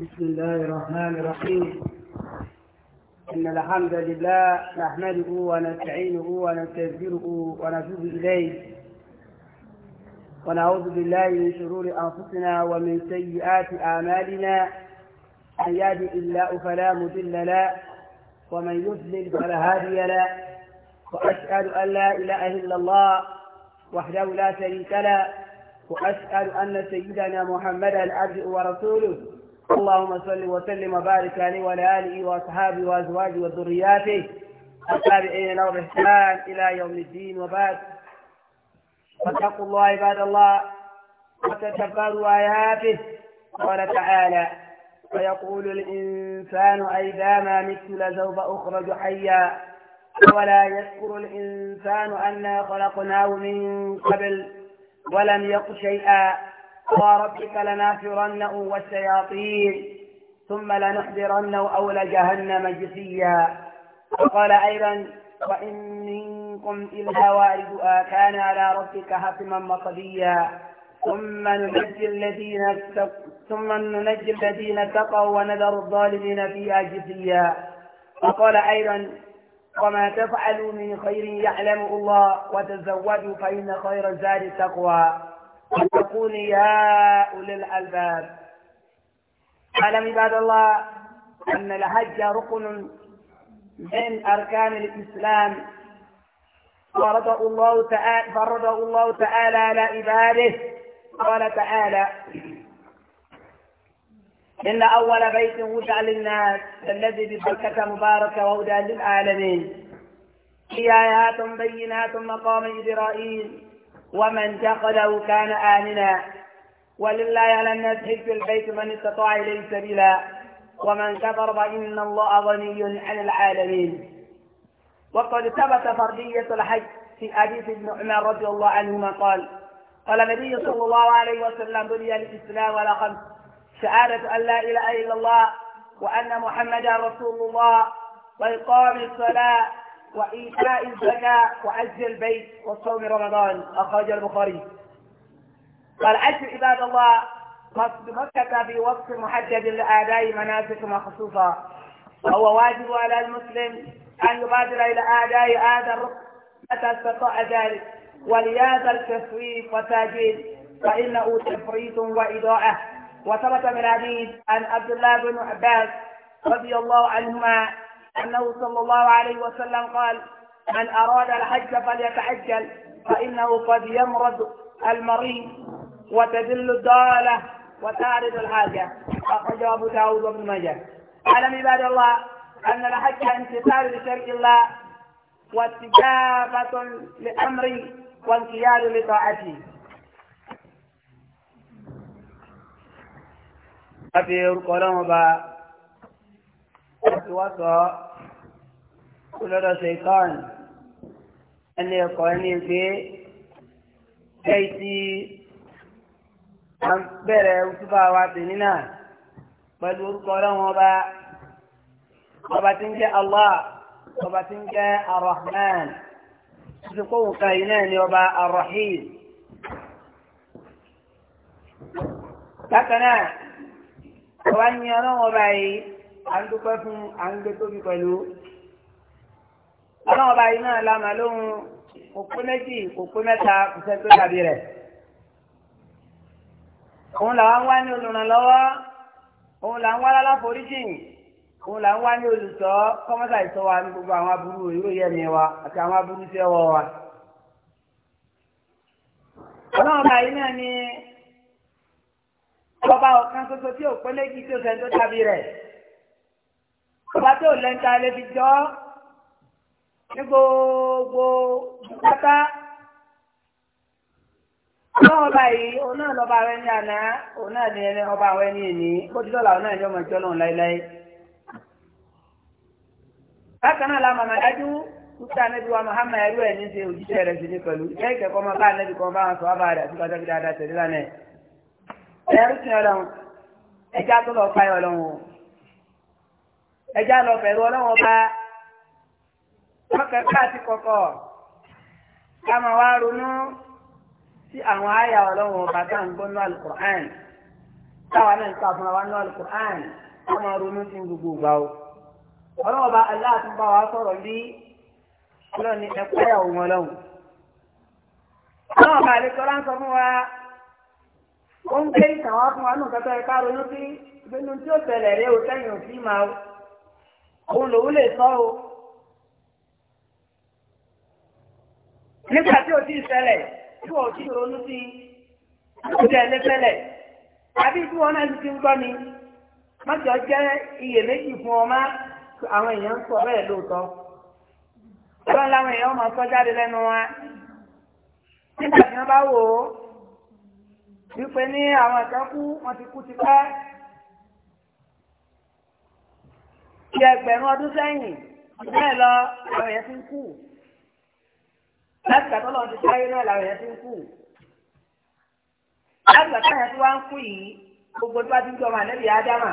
بسم الله الرحمن الرحيم إن الحمد لله نحمده ونستعينه ونستغفره ونتوب إليه ونعوذ بالله من شرور أنفسنا ومن سيئات أعمالنا من يهده الله فلا مضل له ومن يضلل فلا هادي له وأشهد أن لا إله إلا الله وحده لا شريك له وأسأل أن سيدنا محمدا عبده ورسوله اللهم صل وسلم وبارك عليه وعلى آله وأصحابه وأزواجه وذرياته والتابعين له بإحسان إلى يوم الدين وبعد فاتقوا الله عباد الله وتتبعوا آياته قال تعالى ويقول الإنسان أيذا ما مت لسوف أخرج حيا ولا يذكر الإنسان أنا خلقناه من قبل ولم يق شيئا وربك لنافرنه والشياطين ثم لنحضرنه او جهنم جثيا وقال أيضا وإن منكم إلا واردها كان على ربك حتما مقضيا ثم ننجي الذين ثم ننجي الذين اتقوا ونذر الظالمين فيها جثيا وقال أيضا وما تفعلوا من خير يعلمه الله وتزودوا فإن خير الزاد التقوى وتقول يا أولي الألباب أعلم عباد الله أن الحج ركن من أركان الإسلام فرضه الله تعالى فرضه الله تعالى على عباده قال تعالى إن أول بيت وجع للناس الذي ببركة مباركة وهدى للعالمين في آيات بينات مقام إبراهيم ومن دخله كان آمنا ولله على الناس حج البيت من استطاع إليه سبيلا ومن كفر فإن الله غني عن العالمين وقد ثبت فردية الحج في حديث ابن عمر رضي الله عنهما قال قال النبي صلى الله عليه وسلم بني الإسلام على خمس شهادة أن لا إله إلا الله وأن محمدا رسول الله وإقام الصلاة وإيتاء الزكاة وحج البيت وصوم رمضان أخرج البخاري عشر عباد الله قصد مكة في وقت محدد لأداء مناسك مخصوصة وهو واجب على المسلم أن يبادر إلى أداء هذا الركن متى استطاع ذلك ولهذا التسويف وتاجيل فإنه تفريط وإضاءة وثبت من حديث عن عبد الله بن عباس رضي الله عنهما أنه صلى الله عليه وسلم قال من أراد الحج فليتعجل فإنه قد يمرض المريض وتدل الضالة وتعرض الحاجة أخرجه أبو داود وابن ماجه أعلم عباد الله أن الحج امتثال لشرع الله واستجابة لأمره وانقياد لطاعته láti orúkọ ọlọ́run bá láti wá sọ kó lọ́dọ̀ ṣe ìkọ́rin ẹni ẹ̀kọ́ ẹni ìgbé lẹ́yìn tí a ń bẹ̀rẹ̀ òtúbà wa tèmi náà pẹ̀lú orúkọ ọlọ́run ọba ọba tí ń jẹ́ Allah ọba tí ń jẹ́ Ar-Rahman ti kó nǹkan yìí náà ni ọba Ar-Rahim. bákan náà ọba ní ọlọ́wọ́ báyìí à ń dúpẹ́ fún à ń gbé tóbi pẹ̀lú ọlọ́wọ́ báyìí náà lámà lóhun kò pé méjì kò pé mẹ́ta kò sẹ́ tó dàbí rẹ̀ òun làwọn wá ní olùrànlọ́wọ́ òun là ń wá lálàforíjìn òun là ń wá ní olùsọ kọ́mọ́tà ìsọ wa ní gbogbo àwọn aburú ìlú yẹmi wa àti àwọn aburú tí ẹ wọ wa. ọlọ́run báyìí náà ni ọba ọ̀kan ṣoṣo tí ò pé méjì tí ó sẹ́ni tó tàbí rẹ̀ ọba tó lẹ́ńtà lè fi jọ́ ní gbogbo pátá ọlọ́run ọba yìí òun náà lọ́ba rẹ ní àná òun náà ní ẹni ọba rẹ ní èní bó ti dọ́là òun náà ní ọmọ ìjọ lọ́run láéláé. bákan náà la màmá dájú kúta anábì wa Muhammad ẹrú ní ṣe òjíṣẹ́ rẹ̀ sí ní pẹ̀lú ìfẹ́ ìkẹ́kọ̀ọ́ máa bá anábì kan bá wọn sọ wá bá rẹ̀ àti pàtàkì dáadáa tẹ̀lé lánàá ẹ̀rú sin ọlọ́run ẹja tó lọ fáyọ ọlọ́run o ẹja lọ bẹ̀rù ọlọ́run ọba ọkẹ́ káàtì kọ̀kọ̀ ká máa wá ronú sí àwọn àyà ọlọ́run ọba tá à ń gbọ́ ní alukur'an táwọn náà ń kọ́ àfúnra wa ní alukur'an ká máa ronú sí gbogbo ìgbà o ọlọ́run ọba aláàtúbà wa sọ̀rọ̀ bí ọlọ́run ní ẹ̀kọ́ ìyàwó wọn lọ́wọ́ ọlọ́run ọba àlejò ń sọ fún wa. ó ń gbé ìtàn wá fún wa nù kátó ẹ̀ka ronú sí ìbínú tí ó tẹ̀lẹ̀ rẹ ò o òun lòun lè sọ o. nígbà tí ti tí o ti ronú sí o tẹ̀ lé ṣẹlẹ̀ àbí tí wọn náà ti ti ń gbọ́ mi mọ́tò jẹ́ iyèméjì fún ọ àwọn èèyàn ń sọ bẹ́ẹ̀ lóòótọ́. ọlọ́run láwọn èèyàn máa sọ jáde lẹ́nu wa nígbà tí bá wípé ní àwọn àkẹ́kù wọn ti kú ti pẹ́ ti ẹgbẹ̀rún ọdún sẹ́yìn bẹ́ẹ̀ lọ àwọn èèyàn ti ń kú láti gbàtọ́ lọ́wọ́ ti sáyé náà làwọn èèyàn ti ń kú láti gbàtọ́ yẹn tí wọ́n ń kú yìí gbogbo tí wọ́n ti ń jọmọ ànẹ́bí ádámà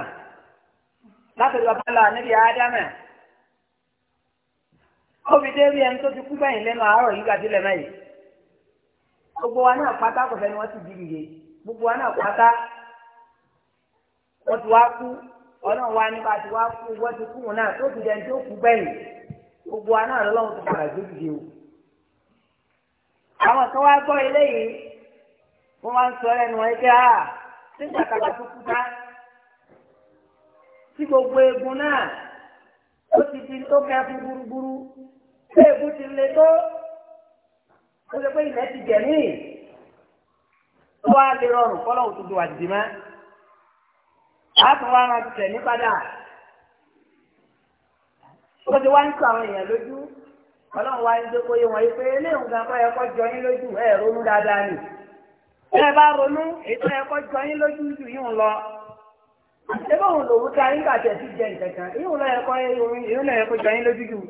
láti lọ bá lọ ànẹ́bí ádámà óbi dé ẹni tó ti kú bẹ́yìn lẹ́nu àárọ̀ yìí gàdí lẹ́mẹ́yìí gbogbo wa náà pátá fẹ́ ni wọ́n ti di ìyè gbogbo wa náà pátá wọ́n ti wá kú ọlọ́run wa nípa ti wá kú wọ́n ti kú wọn náà tó ti dẹni tó kú gbẹ̀yìn gbogbo wa náà lọ́lọ́run ti padà gbé dìde o. àwọn kan wá gbọ́ eléyìí wọ́n máa ń sọ ẹnu ẹ jẹ́ à nígbà kàkà tó kú ká tí gbogbo egun náà ó ti di tó kẹ́ fún gbúrúgbúrú tí egun ti le tó ó lè pé ilẹ̀ ti jẹ̀ níyì. wá lè rọrùn fọlọ́hùn tó do àdìdì a àtúwọ́ ara tẹ̀ nípadà ó ti wá ń sọ àwọn èèyàn lójú ọlọ́run wá ń dé kóyé wọn yìí pé kọ́ jọ yín lójú ẹ̀ ronú dáadáa nì ẹ bá ronú ètò ẹ̀kọ́ jọ yín lójú yín lọ ṣé báwọn yín sí jẹ yín lọ yín lọ jọ yín lójú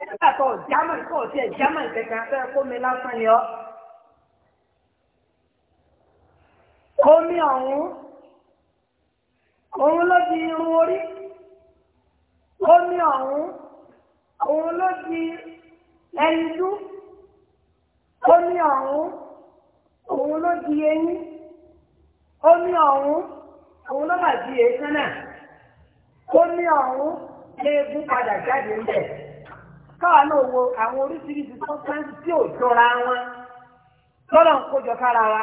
nígbà tó jámọ̀ kó o tiẹ̀ jámọ̀ ìkẹ̀kẹ̀ afẹ́ kómi lásán yọ. Omi ọ̀hún, òun ló di irun orí. Omi ọ̀hún, òun ló di ẹyin dú. Omi ọ̀hún, òun ló di eyín. Omi ọ̀hún, òun ló di Omi ọ̀hún, lè padà jáde ń bẹ̀. káwa náà wo àwọn oríṣiríṣi sọ́ńtẹ́ǹsì tí ò jọra wọn lọ́dọ̀ ń kójọ kára wa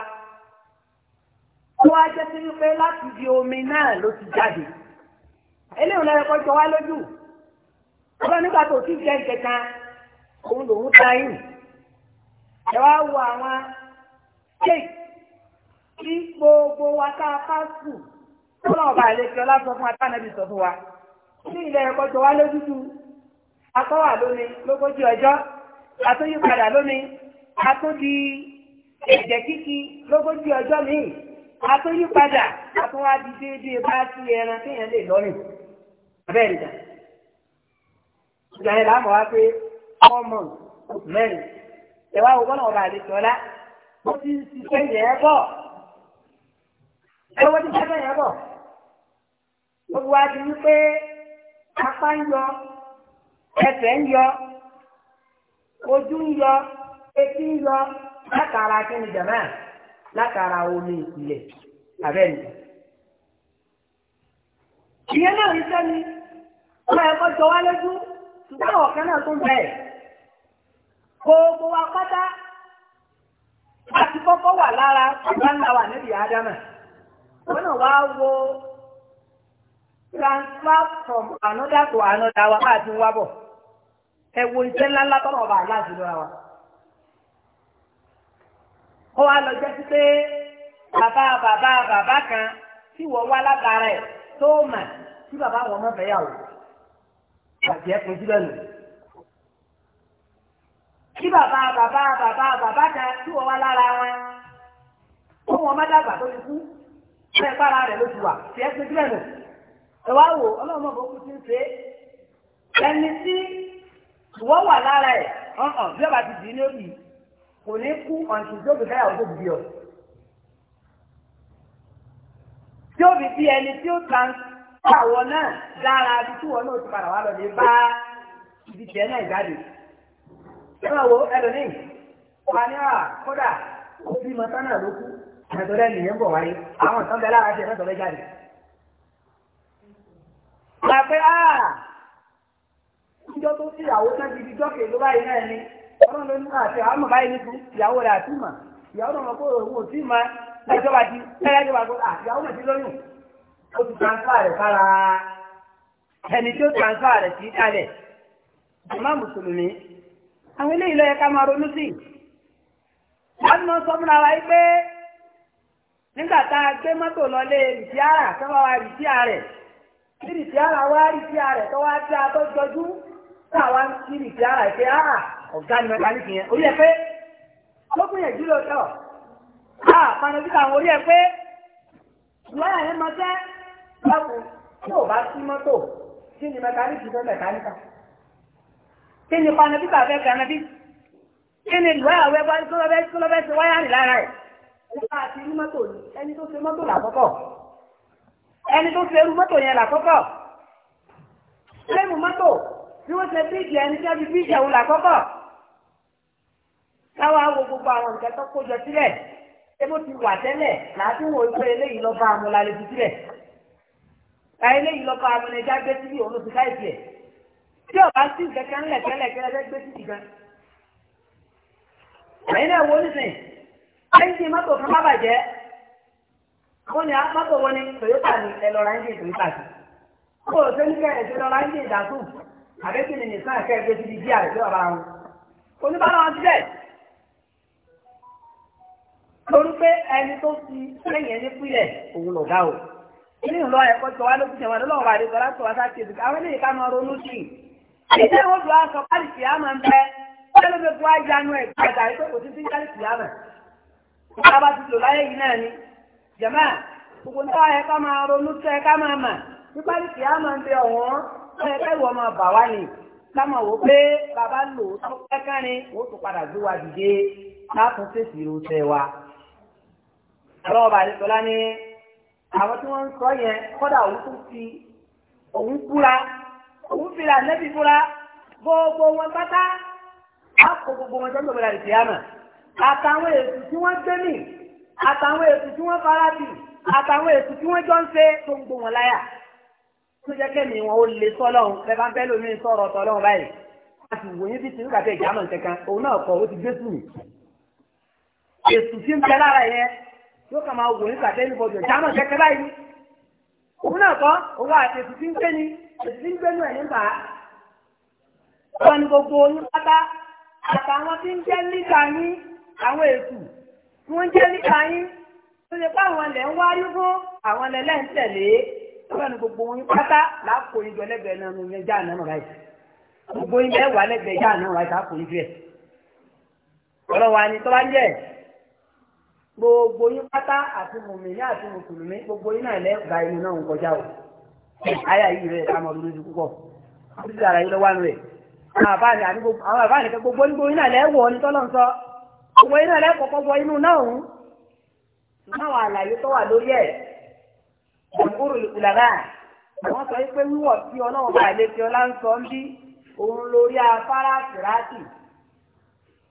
ó wá jẹ́ sí wípé láti di omi náà ló ti jáde eléyìí lọ́yẹ kó jọ wá lójú ọlọ́ nígbà tó ti jẹ́ ìkẹta òun lòún ta yìí ẹ wá wo àwọn kéèkì tí gbogbo wa tá a bá sùn tó lọ́ọ̀ bá ilé fi ọlá sọ fún wa sọ fún wa ní ilẹ̀ ẹ̀kọ́ jọ wá lójú akọ́wà lónìí lógójì ọjọ́ atúnyípadà lónìí atúndì ẹ̀jẹ̀ kíkí lógójì ọjọ́ míì atúnyípadà atúnwá di déédéé bá ti ẹran téèyàn lè lọ́rìn abẹ́ ìdá. ìgbà yẹn wá pé ọmọ mẹ́rin ẹ̀wá wo ọba àlejò ọlá ó ti ṣiṣẹ́ yẹn bọ̀ ẹ̀wọ́ ti ṣiṣẹ́ yẹn bọ̀ gbogbo wa ti ní pé apá ń yọ. ẹsẹ̀ ń yọ ojú ń yọ etí ń yọ látara kí ni jàmá látara omi ìpìlẹ̀ abẹ́ni. ìyẹn náà ní sẹ́ni ọmọ ẹ̀kọ́ jọ wá lójú ṣùgbọ́n ọ̀kan náà tó ń bẹ̀ gbogbo wa pátá àti kọ́kọ́ wà lára ọ̀gá ńlá wà níbi àádámà wọn náà wá wo transfer from another to another wákàtí ń wá bọ̀ ẹ wo ńláńlá tọrọ ọba aláàjì lọ́ra wa ó wá lọ jẹ́ sí pé bàbá bàbá bàbá kan tí wọ́n wá lábàárà ẹ̀ tó mà tí bàbá wọn mọ̀ fẹ́ yà wò àti ẹkùn síbẹ̀ nù. Kí bàbá bàbá bàbá bàbá kan tí wọ́n wá lára wọn, ó wọn má dàgbà tó ti kú, ṣe é para rẹ̀ ló ti wà, ṣe é ẹkùn Ẹ wá wò ọlọ́run kú ti ń ṣe Ẹni tí wọ́n wà lára ẹ̀ ọ̀hún bí ọba ti dì í lórí kò ní kú ọ̀ǹtì tó fi fẹ́yàwó tó bí ọ. tí ó fi di ẹni tí ó tan àwọ̀ náà lára ibi tí wọn náà ti padà wá lọ lè bá ibi tẹ̀ náà jáde. ẹ̀rọ wo ẹlòmíì wà ní ọ̀rà ah, kódà ó bí mọ́tò náà ló kú àtọ̀rẹ́ nìyẹn bọ̀ wáyé àwọn ìtàn bẹ́ẹ̀ lára ṣe mọ́tò bẹ́ẹ̀ jáde. níjọ́ tó si ìyàwó náà di dọ́kè ló báyìí náà ni ọlọ́run ló ní àti àwọn ọmọ báyìí nìkú ìyàwó rẹ̀ àti mà ìyàwó náà mọ̀ òun ò tí ì máa lọ́jọ́ bá ti tẹ́lẹ̀ jọba gbọ́dọ̀ ìyàwó náà ti lóyún ó ti transfer rẹ̀ fara ẹni tí transfer rẹ̀ wa yìí pé nígbà tá a gbé mọ́tò lọ lé tó rẹ̀ táwa ń kiri ìfẹ́ ara ìfẹ́ ara ah, ọ̀gá ni mẹkáníìkì yẹn orí ẹ pé yẹn jùlọ tọ̀ á ah, panẹ́sítà àwọn orí ẹ lọ́yà yẹn máa tẹ́ lọ́kùn tí ò bá sí mọ́tò kí ni mẹkáníìkì fẹ́ mẹkáníìkà kí ni panẹ́sítà fẹ́ kẹ́nẹ́bí kí ni lọ́yà wẹ́ bá kólọ́bẹ́ ti wáyà rìn lára ẹ̀ ẹni tó ṣe mọ́tò yẹn làkọ́kọ́ lẹ́nu mọ́tò bí wọ́n ṣe bíjì ẹni tí wọ́n fi bíjì ẹ̀wù làkọ́kọ́ káwa wo gbogbo àwọn nǹkan tó kójọ sílẹ̀ ebó ti wà tẹ́lẹ̀ láti wò ó pé eléyìí lọ́ba àmúlá lè fi sílẹ̀ eléyìí lọ́ba àmúlá ẹja gbé síbi òun ló fi káyìsì ẹ̀ tí ọba sí kẹkẹ ńlẹ̀ tẹ́lẹ̀ kẹlẹ́ gbé síbi gan. ẹ̀yin náà wo nísìn ẹ̀yin ti mọ́tò kan má bàjẹ́ wọ́n ní mọ́tò wọn ni Toyota ni ẹ lọ́ra ẹ̀ńjìn Toyota sí. kó o ṣe ní kẹ́ ẹ̀ ṣe lọ́ra ẹ̀ńjìn ìdásùn àbẹ́sì ni nìkan ẹ̀kẹ́ ẹgbẹ́ ti di bí àrẹ̀ sí ọ̀rọ̀ àwọn oníbàárà wọn ti bẹ̀. torí pé ẹni tó fi lẹ́yìn ẹni pílẹ̀ òun lọ̀gá o nínú ìlọ ẹ̀kọ́ tó wá lókùn tẹ̀wọ̀n lọ́wọ́ wà lẹ́kọ̀ọ́ láti wá sáà tẹ̀sí àwọn eléyìí ká máa ronú sí i. ìṣe wọn fi sọ pálíkì àmọ́ ń bẹ wọ́n ló fi wá yanu ẹ̀ gbàgbà pé ó yẹ kẹ́rù ọmọ bà wá ni kámọ̀ wò pé bàbá lò ó tó kẹ́kẹ́rin ó tún padà gbé wa dìde látún fèsì ìrọ̀tẹ̀ wa. ọlọ́wọ́ bá ní sọlá ní àwọn tí wọ́n ń sọ yẹn kọ́dà òun tún fi òun kúra òun fìlà nẹ́bí kúra gbogbo wọn pátá á kó gbogbo wọn sọ́dọ̀ gbọdọ̀ ìfìyà mọ̀ àtàwọn èsì tí wọ́n gbé mi àtàwọn èsì tí wọ́n farabì àtàwọn èsì tí wọ́n jọ ń ṣe tó ń gbó wọn láyà tó jẹ́ kẹ́mi wọn ó lè sọ́lọ́hún bẹ́ẹ̀ bá lómi sọ̀rọ̀ sọ́lọ́hún báyìí a sì wòye bí ti ń gbàgbé ìjàmọ̀ kankan òun náà kọ̀ ó ti gbé sùn. èsù tí ń bẹ lára yẹn yóò kà máa wòye gbàgbé níbo jọ ìjàmọ̀ kankan báyìí. òun náà kọ́ òun àti èsù tí ń gbé ni èsù tí ń gbé nù ẹ̀ nígbà. wọ́n ní gbogbo oyún pátá àtàwọn tí ń jẹ́ níta yín àwọn èsù tí wọ́n jẹ́ níta yín tó ṣe nígbà ní gbogbo wọn pátá làákò ìjọ lẹ́gbẹ̀ẹ́ náà nù yẹn jáà náà ráì gbogbo yín bẹ́ẹ̀ wà lẹ́gbẹ̀ẹ́ jáà náà ráì làákò ìjọ ẹ̀ ọlọ́wà ni tọ́wá jẹ́ gbogbo yín pátá àti mùmìnì àti mùsùlùmí gbogbo yín náà lẹ́gbà inú náà ń kọjá o ayé ayé rẹ̀ ká mọ̀ lórí púpọ̀ títí ara yín lọ́wọ́ àánú rẹ̀ àwọn àbáàní kẹ gbogbo yín náà lẹ́wọ̀ ní tọ́lọ́ náà lẹ́kọ̀ọ́kọ́ àlàyé tó wà lórí ẹ̀ ẹ̀kúrò ìlànà àwọn sọ pé wíwọ̀ tí ọlọ́run bá ilé tí ọlá ń sọ ń bí òun lórí afárá tìrátì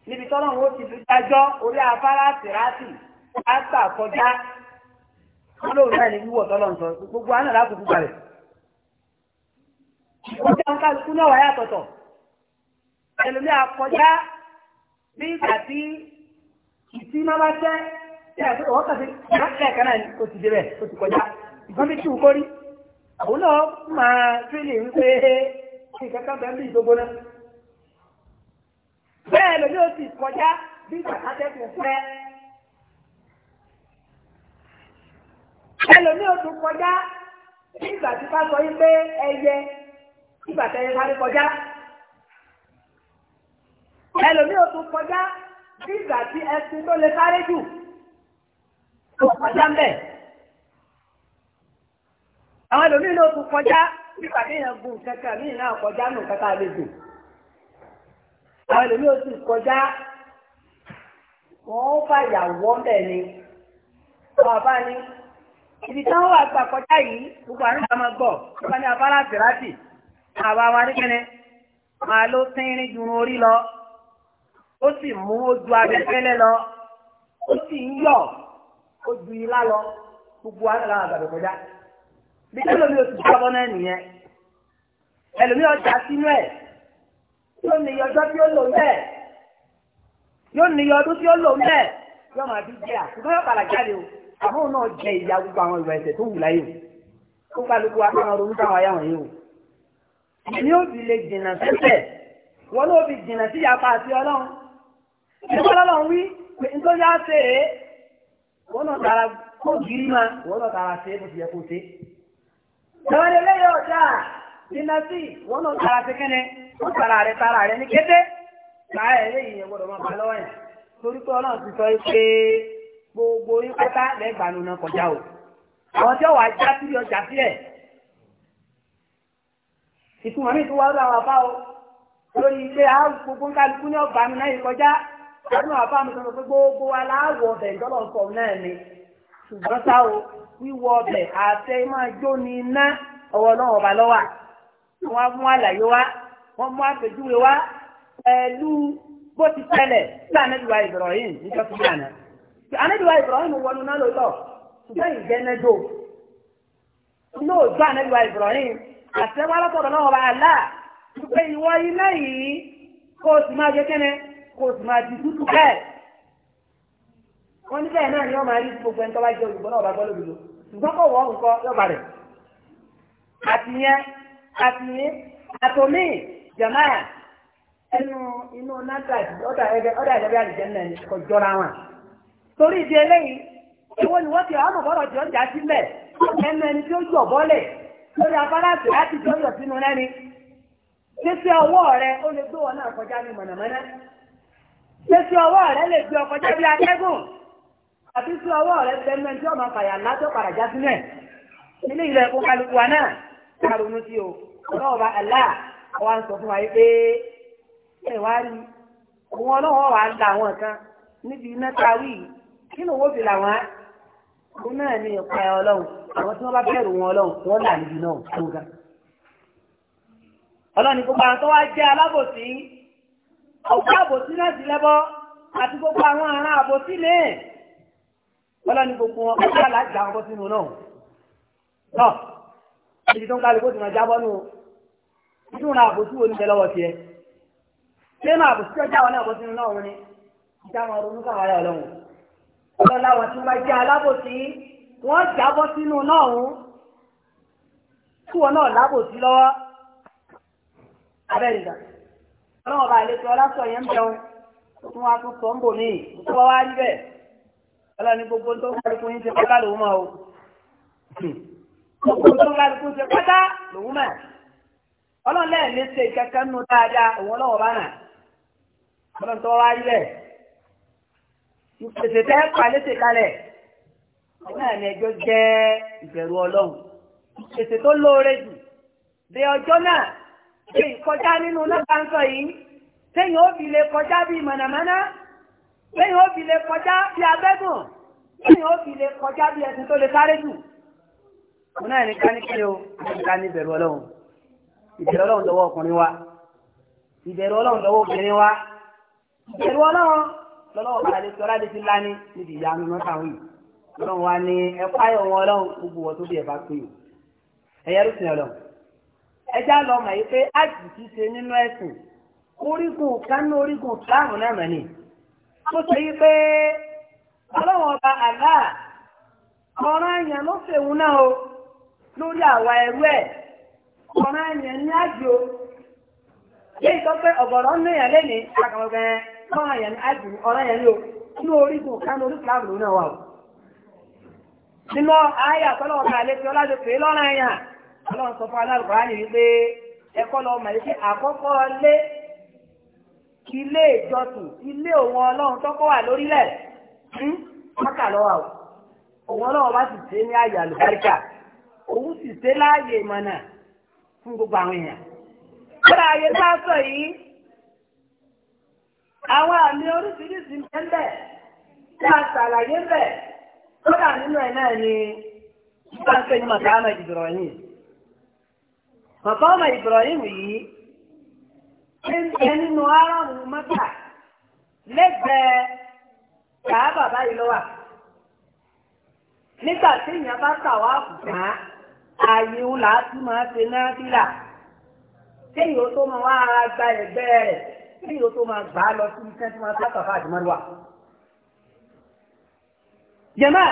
níbi tọ́lọ́run ó ti fi dájọ́ orí afárá tìrátì pásítà kọjá wọn lóun náà ní wíwọ̀ tọ́lọ́run sọ gbogbo àná lákòókò balẹ̀. ìkọjá ń kálukú náà wáyà tọ̀tọ̀ ẹlòmíà kọjá bí ìgbà tí ìtì máa bá tẹ́ tí àwọn kàfé ìyá kẹ́kẹ́ náà ó ti débẹ̀ ó ti kọjá ìgbọ́n bí kíwù kórí àwọn náà máa fílì ń pé kí kankan bẹ́ẹ̀ bí ìdógó náà bẹ́ẹ̀ lómi ó sì kọjá bí kàkátẹ́kùn fẹ́ ẹlòmí ó tún kọjá nígbà tí ká sọ yín pé ẹyẹ nígbà tẹ́yẹ sáré kọjá ẹlòmí ó tún kọjá nígbà tí ẹṣin tó lè sáré jù ó kọjá ń bẹ̀. àwọn ẹlòmíín ló tún kọjá nípa kéèyàn gun kankan kọjá nù kankan lè àwọn ẹlòmíín ó sì kọjá wọ́n fàyà wọ́ bẹ̀ ni ni ibi táwọn wà gbà kọjá yìí gbogbo ni tìrátì wa ní kẹ́nẹ́ máa ló orí lọ ó sì mú ojú abẹ́fẹ́lẹ́ lọ ó sì ń yọ̀ bí ẹlòmí o ti jábọ́ náà nìyẹn ẹlòmí ọjà sínú ẹ̀ yóò ní iye ọjọ́ tí ó lò mẹ́ẹ̀ yóò ní iye ọdún tí ó lò mẹ́ẹ̀ yóò máa bí jẹ́ àtúntò yóò padà jáde o àmọ́ náà jẹ ìyá gbogbo àwọn ìwà ẹ̀ṣẹ̀ tó wù láyé o kó kálukú akọ́nà ronú táwọn ayá wọ̀nyí o ẹni ó fi lè jìnnà sẹ́sẹ̀ wọn ló fi jìnnà sí ìyá pàṣẹ ọlọ́run ìjọba ọlọ́run wí pé nítorí á ṣe é wọn náà tara kó gírí máa wọn náà tara ṣe é bó ti yẹ kó ṣe é. Lọ́wọ́n eléyìí ọ̀dà dínà sí wọn náà tara sí kẹ́ni, wọ́n tara rẹ̀ tara rẹ̀ ní kété. Lára eléyìí yẹn gbọ́dọ̀ máa bá lọ́wọ́ yẹn. Torí pé Ọlọ́run ti sọ pé gbogbo yín pátá lẹ́gbàánu náà kọjá o. Àwọn tí ọ̀wà já sí ọjà sílẹ̀. Ìtumọ̀ mi ti wá lọ́wọ́ àbá o. Lórí pé a gbogbo kálukú ní ọgbà mi náà yìí kọjá. Àwọn àbá mi sọ pé gbogbo wa láàwọ̀ ọ̀bẹ̀ ìjọ́lọ̀ sọ náà ni. Ṣùgbọ́n sá wíwọ ọbẹ̀ àfẹ́ máa jó ní iná ọwọ́ náà ọba lọ́wà wọ́n á mú àlàyé wá wọ́n mú àpèjúwe wá pẹ̀lú bó ti tẹ́lẹ̀ sí anábìwá Ibrahim níjọ́ tó yànà anábìwá Ibrahim wọnú náà lóòótọ́ ṣùgbọ́n ìjẹ́nẹ́jọ́ lóòótọ́ anábìwá Ibrahim àtẹ́wá lọ́sọ̀rọ̀ náà ọba àlá ṣùgbọ́n ìwọ iná yìí kó o sì máa jẹ kẹ́nẹ́ kó o sì máa di tútù bẹ́ẹ̀ wọ́n ní bẹ́ẹ̀ náà ni wọ́n máa rí gbogbo ẹni tó bá jẹ́ olùgbọ́ náà ọba gbọ́ lódodo. ṣùgbọ́n kò wọ́n nǹkan yọba rẹ̀ àtìyẹn àtìyẹn àtòmí jamaa ẹnu inú nàdàdì ọ̀dà ẹgbẹ́ ọ̀dà ẹgbẹ́ àlùjẹ́ kò jọra wọn. torí ìdí eléyìí èwo ni wọ́n ti àwọn jọ jà ẹnu ẹni tí ó yọ̀ bọ́lẹ̀ lórí afárá sí láti jọ sínú ọwọ́ rẹ ó lè gbé wọn náà kọjá ní mọ̀nàmọ́ná. ọwọ́ rẹ lè gbé àti sí ọwọ́ rẹ bẹ́ẹ̀ tí ọmọ fàyà látọ̀ padà já sílẹ̀ nílé ilẹ̀ ẹ̀kọ́ kálukú wa náà kárùnú sí o ọlọ́wọ́ bá àlá wa ń sọ fún wa yìí pé ẹ wá rí òun ọlọ́wọ́ wa ń la àwọn kan níbi iná táwí kí ló wó fi là wọ́n á òun náà ní ìpa ọlọ́run àwọn tí wọ́n bá bẹ̀rù wọn ọlọ́run wọ́n là níbi náà tó ga. ọlọ́ni gbogbo àwọn tó wá jẹ́ alábòsí ọ̀gá àbòsí náà ti lẹ́bọ́ àti gbogbo àwọn ará àbòsí náà ọlọ́ni gbogbo wọn kọ́kọ́ láti dà ọkọ sínú náà náà ibi tó ń kálukú ti máa jábọ́ nù ojú ra àbòsí wo ní bẹ lọ́wọ́ tiẹ̀ sínú àbòsí tó jáwọ́ náà ọkọ sínú náà wọn ni ìjà wọn ronú káwọn ará ọlọ́run ọlọ́run láwọn tí wọ́n jẹ́ alábòsí wọ́n jábọ́ sínú náà wọn kí wọn náà lábòsí lọ́wọ́ abẹ́rẹ́ ìgbà ọlọ́run ọba àlejò ọlásọ yẹn ń bẹun ọlọ́ni gbogbo tó kálukú yín ṣe pátá lòun mọ̀ o gbogbo tó kálukú ṣe pátá lòun mọ̀ ọlọ́run lẹ́yìn lè ṣe ìkẹ́kẹ́ nù dáadáa òun ọlọ́wọ́ bá nà ọlọ́run tó wá rí bẹ́ẹ̀ ìpèsè tẹ́ pa léṣe kalẹ̀ náà ni ẹjọ́ jẹ́ ìbẹ̀rù ọlọ́run ìpèsè tó lóore jù de ọjọ́ náà ṣe ìkọjá nínú náà bá ń sọ yìí téèyàn ó fi lè kọjá bíi mọ̀nàmọ́ná lẹ́yìn ó fi lè kọjá bí abẹ́gùn lẹ́yìn ó fi lè kọjá bí ẹ̀sìn tó lè sáré jù mo náà ní káníkíni o ká ní ìbẹ̀rù ọlọ́run ìbẹ̀rù ọlọ́run lọ́wọ́ ọkùnrin wa ìbẹ̀rù ọlọ́run lọ́wọ́ obìnrin wa ìbẹ̀rù ọlọ́run lọ́wọ́ padà lè sọ láti fi ńlá ní níbi ìyá mi mọ́ta wí ọlọ́run wa ní ẹ̀pá ìwọ̀n ọlọ́run gbogbo wọn tó bí ẹ̀ bá pè é ẹ̀yẹ́rú sìn ọlọ́run ẹjá lọ mọ̀ yìí pé àjì ti ṣe nínú ẹ̀sìn orígun kánú orígun kíláàmù náà mọ̀ ni tó ṣe yí pé ọlọ́run ọba àlá ọ̀ràn èèyàn ló fèwú náà o lórí àwa ẹrú ẹ̀ ọ̀ràn èèyàn ní àjò yé ìtọ́ pé ọ̀gọ̀rọ̀ ń léyàn lé ní àkàwọ̀gẹ̀rẹ̀ ọ̀ràn ní àjò ní o inú kánú orí fúlàmù ló náà wà o. nínú ilé ìjọsìn ilé òun ọlọ́run tọ́kọ́ wà lórílẹ̀ mọ́kà hmm, lọ́wọ́ o òun ọlọ́run bá sì ṣe ní àyè àlùbáríkà òun sì ṣe láàyè ìmọ̀nà fún gbogbo àwọn èèyàn. kódà àyè yìí àwọn àmì oríṣiríṣi tí a ṣàlàyé kódà nínú ẹ̀ náà ni ọmọ ọmọ yìí. ẹnìyẹn nínú aráàlú mọ́tà lẹ́gbẹ̀ẹ́ kàábà báyìí lọ́wà nígbà tí èèyàn bá kàwá àbùdá ààyè ń là máa ṣe náà tó wá ara gba ẹ̀gbẹ́ rẹ̀ tó máa gbà á lọ sí iṣẹ́ tí wọ́n bá kàfà àdìmọ́lúwà. jẹ̀mọ́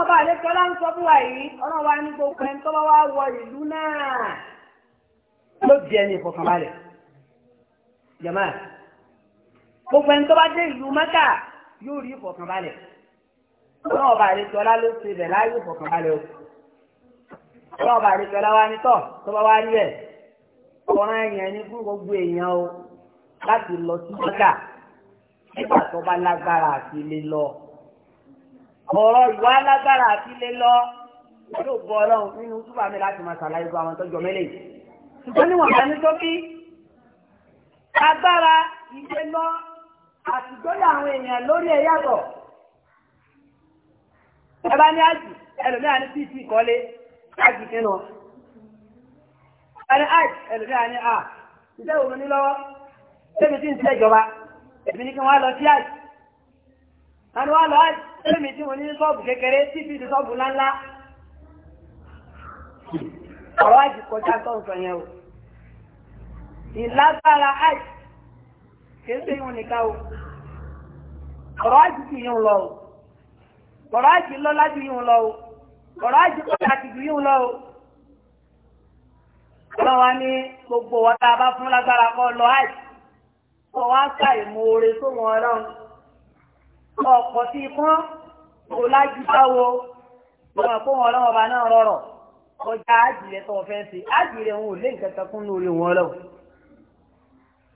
ọba àlejò ń sọ fún wa yìí ọlọ́wà ní gbogbo ẹni tó ló di ẹni ìfọ̀kànbalẹ̀ jama gbogbo ẹni tó bá dé ìlú mẹ́ta yóò rí ìfọ̀kànbalẹ̀ ọlọ́run ọba àrètọ́lá ló ṣe bẹ̀ láyé ìfọ̀kànbalẹ̀ o ọlọ́run ọba àrètọ́lá wa ní tọ̀ tó bá wá rí ẹ̀ ọ̀ràn èèyàn ní fún gbogbo èèyàn o láti lọ sí mẹ́ta nígbà tó bá lágbára àti lè lọ ọ̀rọ̀ ìwà lágbára àti lè lọ yóò gbọ́ ọlọ́run nínú túbàmí láti máa ṣàlàyé gbogbo àwọn tọ́jọ́ mẹ́lẹ̀ yìí. ṣùgbọ́n níwọ̀n bá ní sókí agbára ìgbéná àtìgbóyà àwọn èèyàn lórí ẹ̀ ẹ bá ní àjì ẹlòmíà ní pt kọ́lé àjì kínú ẹni àjì ẹlòmíà ní à ìṣẹ́ òun ní lọ́wọ́ tẹ́mi tí ń ìjọba ní kí wọ́n lọ sí àjì wọ́n lọ àjì tẹ́mi tí mo ní sọ́ọ̀bù kékeré sọ́ọ̀bù ńláńlá ọ̀rọ̀ àjì kọjá ìlágbára hajj kìí ṣe ìwọ̀n nìkan o ọ̀rọ̀ hajj ti yín lọ o ọ̀rọ̀ hajj lọ́lá ju yín lọ o ọ̀rọ̀ hajj pàtàkì ju yín lọ o ọlọ́wà ní gbogbo wọn tá a bá fún lágbára kọ́ lọ hajj kọ́ wá ká ìmoore tó wọn ọlọ́run kọ́ ọ̀pọ̀ sí ikán kò lájú báwo wọn kó wọn ọlọ́wọ́ bá náà rọrọ̀ kọjá àjìrẹ́ tó fẹ́ ṣe àjìrẹ́ wọn ò lé nǹkan kan kún lórí wọn lọ́wọ́.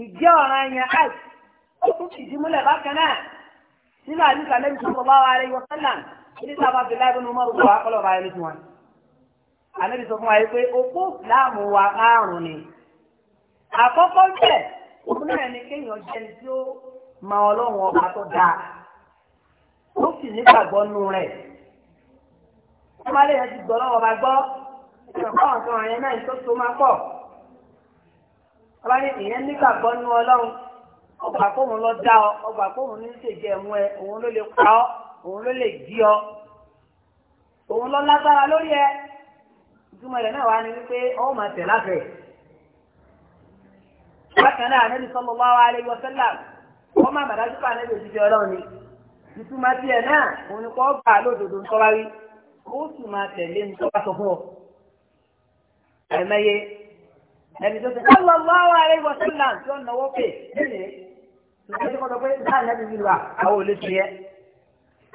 ìjẹ́ ọ̀ràn yẹn àì ó tún fìdí múlẹ̀ bákan náà nínú àdúgbò alẹ́ bíi sọ́kọ̀ bá wa rẹ̀ yọ̀ọ́ sẹ́là ní sábà fi láì bínú mọ́rù kọ́ akọ́lọ̀ bá yẹn lójú wọn. Àlẹ́bí sọ fún wa yìí pé opó láàmú wa márùn-ún ni. Àkọ́kọ́ jẹ́ òun náà ni kéèyàn jẹ́ tí ó ma ọlọ́run ọba tó dáa. Ó sì nígbàgbọ́ nú rẹ̀. Wọ́n máa yẹn ti gbọ́ lọ́wọ́ bá gbọ́ ọba ní ìyẹn nígbàgbọ́ nú ọlọ́run ọgbà fóun lọ dá ọ ọgbà fóun ní ṣèjẹ ẹ̀mú ẹ òun ló lè pa ọ òun ló lè jí ọ òun lọ lágbára lórí ẹ ìtumọ̀ rẹ̀ náà wá ní wípé ọ máa tẹ̀ láfẹ̀ẹ́. bákan náà anábì sallallahu alaihi wasallam wọ́n máa bàdá sípò anábì òṣìṣẹ́ ọlọ́run ni ìtumọ̀ tiẹ̀ náà òun ni kò gbà lódodo ńkọ́ wá rí ó sì máa tẹ̀lé ńkọ́ ẹni tó ṣe sọ́lọ́ lọ́wọ́ ààrẹ ìwọ sọ́lá tí ó náwó pè nílé ṣùgbọ́n tí wọ́n sọ pé láàrin ẹbí mi wà àwọn ò lè ṣe ẹ́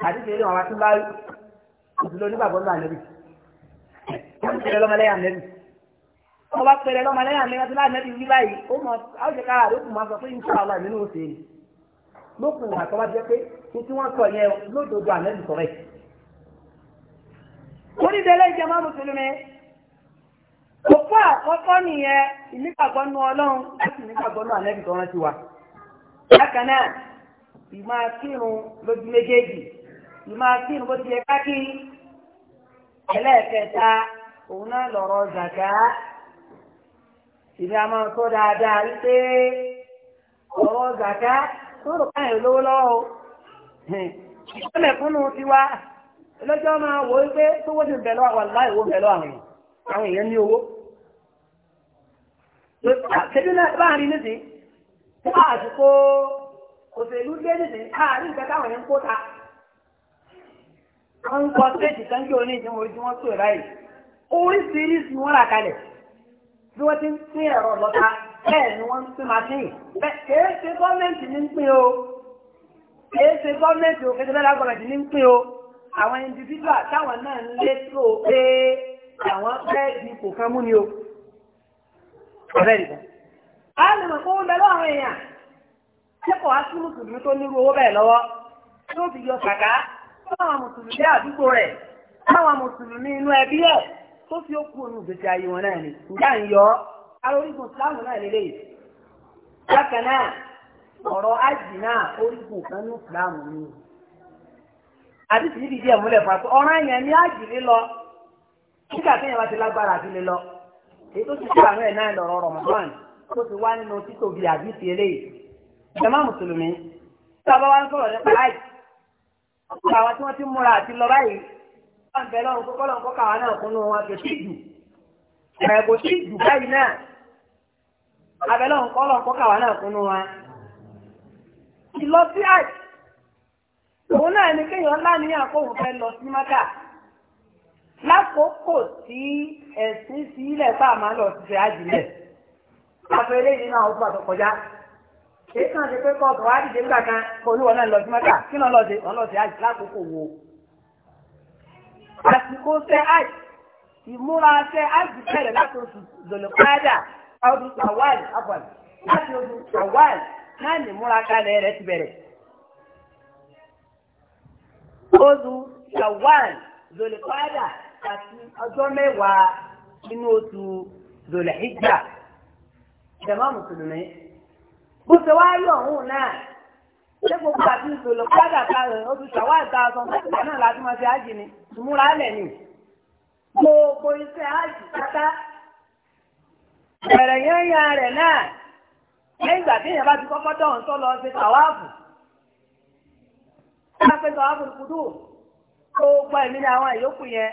àti ìṣeré wọn ti bá òṣèlú onígbàgbọ́ náà lẹ́bi wọ́n ti ṣe lọ́mọlẹ́yà lẹ́bi wọ́n bá pèrè lọ́mọlẹ́yà lẹ́bi àti láàrin ẹbí mi báyìí ó mọ àwòṣe kára rẹ̀ ó kù máa sọ pé ìṣọ́ àwọn ìmínú òṣè lókun ìgbà tó bá jẹ́ pé ní tí wọ́n sọ yẹn lódodo àlẹ́bì sọ̀rọ̀ yìí. onídẹ̀ẹ́lẹ́ ìjẹ́ máa mùsùlùmí Òpó àkọ́kọ́ nìyẹn ìnígbàgbọ́ nú Ọlọ́run láti nígbàgbọ́ nú àlẹ́bì tó rántí wa. Bákan náà, ìmọ̀ akírun lójú méjèèjì, ìmọ̀ akírun bó ti yẹ káàkì. Ẹlẹ́ẹ̀kẹta, òun náà lọ̀rọ̀ zàgá. Ìbí a máa sọ dáadáa wípé ọ̀rọ̀ zàgá tó rò káyọ̀ lówó lọ́wọ́ ìpínlẹ̀ fúnnu tiwa lọ́jọ́ máa wò ó tó wọ́n ti bẹ̀ àwọn láì wọ́n bẹ̀ àwọn èèyàn àwọn èèyàn ní owó ṣẹ́bí láàrin nìsí fún àsìkò òṣèlú dé nìsí láàrin ìgbẹ́ táwọn èèyàn kó wọ́n ń kọ́ stéèjì kan jẹ́ oní ìdíwọ̀n ojú wọn tó ráyè oríṣiríṣi wọn rà kalẹ̀ bí wọ́n ti ń pín ẹ̀rọ lọ́ta bẹ́ẹ̀ ni wọ́n ń pín màsíìn kèé ṣe ní ń pín o kèé ṣe gọ́ọ̀mẹ̀ntì ní ń pín o àwọn individual táwọn náà ń lé tó pé àwọn fẹ́ di kò kan mú ní o ọ̀rẹ́ ìgbà a lè mọ̀ pé ó lọ lọ́wọ́ àwọn èèyàn tí kò wá tó nírú owó bẹ́ẹ̀ lọ́wọ́ tí ó fi yọ mùsùlùmí àdúgbò rẹ̀ mùsùlùmí inú ẹbí ẹ̀ tó fi ó kú ìgbésí ayé wọn náà ni ìjà ń yọ nígbà tí yẹn bá ti lágbára àti lè lọ èyí tó ti ṣe àwọn ẹ̀ náà lọ̀rọ̀ Ramadan tó ti wá nínú títóbi àbísí eléyìí jàmá mùsùlùmí tí a bá wá ń sọ̀rọ̀ nípa láì ọ̀pọ̀ àwọn tí wọ́n ti múra àti lọ báyìí wọ́n ń bẹ lọ́run kó kọ́lọ́n kó káwa náà kúnnú wọn kò sí jù ẹ̀ kò sí jù báyìí náà abẹ́ lọ́run kọ́lọ́n kó káwa náà kúnnú wọn. ìlọ sí àì òun náà ni kéèyàn ńlá ní àkóhùn fẹ́ lọ sí Mákà. lákòókò tí ẹ̀sìn sí ilẹ̀ ama máa lọ sí àjìnlẹ̀ afẹ́lẹ́ yìí náà ó gbà kọjá èyí ṣe pé kọ́ọ̀tù wá dìde nígbà kan olúwọ náà lọ sí mẹ́ta kí náà lọ sí sí àjì lákòókò wo. àsìkò ṣe àjì ìmúra ṣe àjì bẹ̀rẹ̀ láti oṣù ọdún àti ọjọ́ mẹ́wàá nínú oṣù dòlẹ́hìjà ìjàmọ́ mùsùlùmí. bó ṣe wá yọ òun náà ṣé gbogbo àti ìṣòlò kádà karùn-ún oṣù ṣàwá ìta ọ̀sán mẹ́ta náà láti máa fi ájì ni ìmúra lẹ̀ ni. gbogbo iṣẹ́ ájì pátá bẹ̀rẹ̀ yẹn yan rẹ̀ náà lẹ́yìn ìgbà tí èèyàn bá ti kọ́kọ́ tọ̀hún tó lọ ṣe tàwáàbù wọ́n á fẹ́ tàwáàbù kúdù gbogbo ẹ̀mí ni àwọn ìyókù yẹn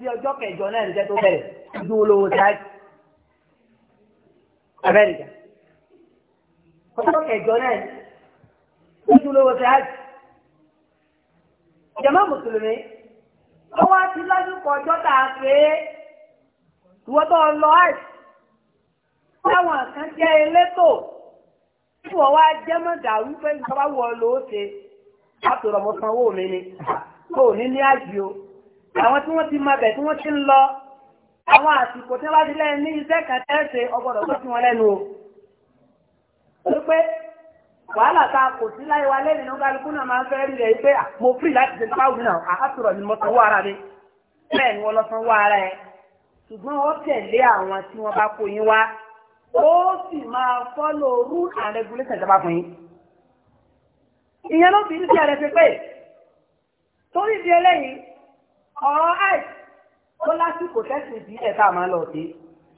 bí ọjọ́ kẹjọ náà ní sẹ́tò bẹ̀rẹ̀ ju olówó sáájú Amẹ́ríkà ọjọ́ kẹjọ náà ní ju olówó sáájú jama mùsùlùmí ọwọ́ àti lásìkò ọjọ́ tá a pé ìwọ́n tó lọ àìsí táwọn kan jẹ́ elétò tí wọ́n wá jẹ́ mọ̀dà wípé ìjọba wọ̀ lóòótẹ́ látòrọ̀ mọ́sanwó mi ni kò ní ní àjò àwọn tí wọ́n ti máa bẹ̀ tí wọ́n ti ń lọ àwọn àsìkò tí wọ́n ti lẹ́ ní iṣẹ́ kan tẹ́ẹ̀sẹ̀ ọgbọ́dọ̀ tó fi wọn lẹ́nu o. ó pé wàhálà ta kò sí láyé wa lẹ́nu ní kálukú náà máa ń fẹ́ rí rẹ̀ pé ah, mo free láti ṣe nípa òun náà ah, àásùrọ̀ ni mo san owó ara mi bẹ́ẹ̀ ni wọ́n lọ san owó ara ẹ̀ ṣùgbọ́n ó tẹ̀lé àwọn tí wọ́n bá kó yín wá ó sì máa follow rule and regulation ìjọba fún yín. ìyẹn ló fi ní sí àrẹ fi pé torí di eléyìí ọ̀rọ̀ àì ó lásìkò tẹ́sì ìbílẹ̀ tá a máa lọ sí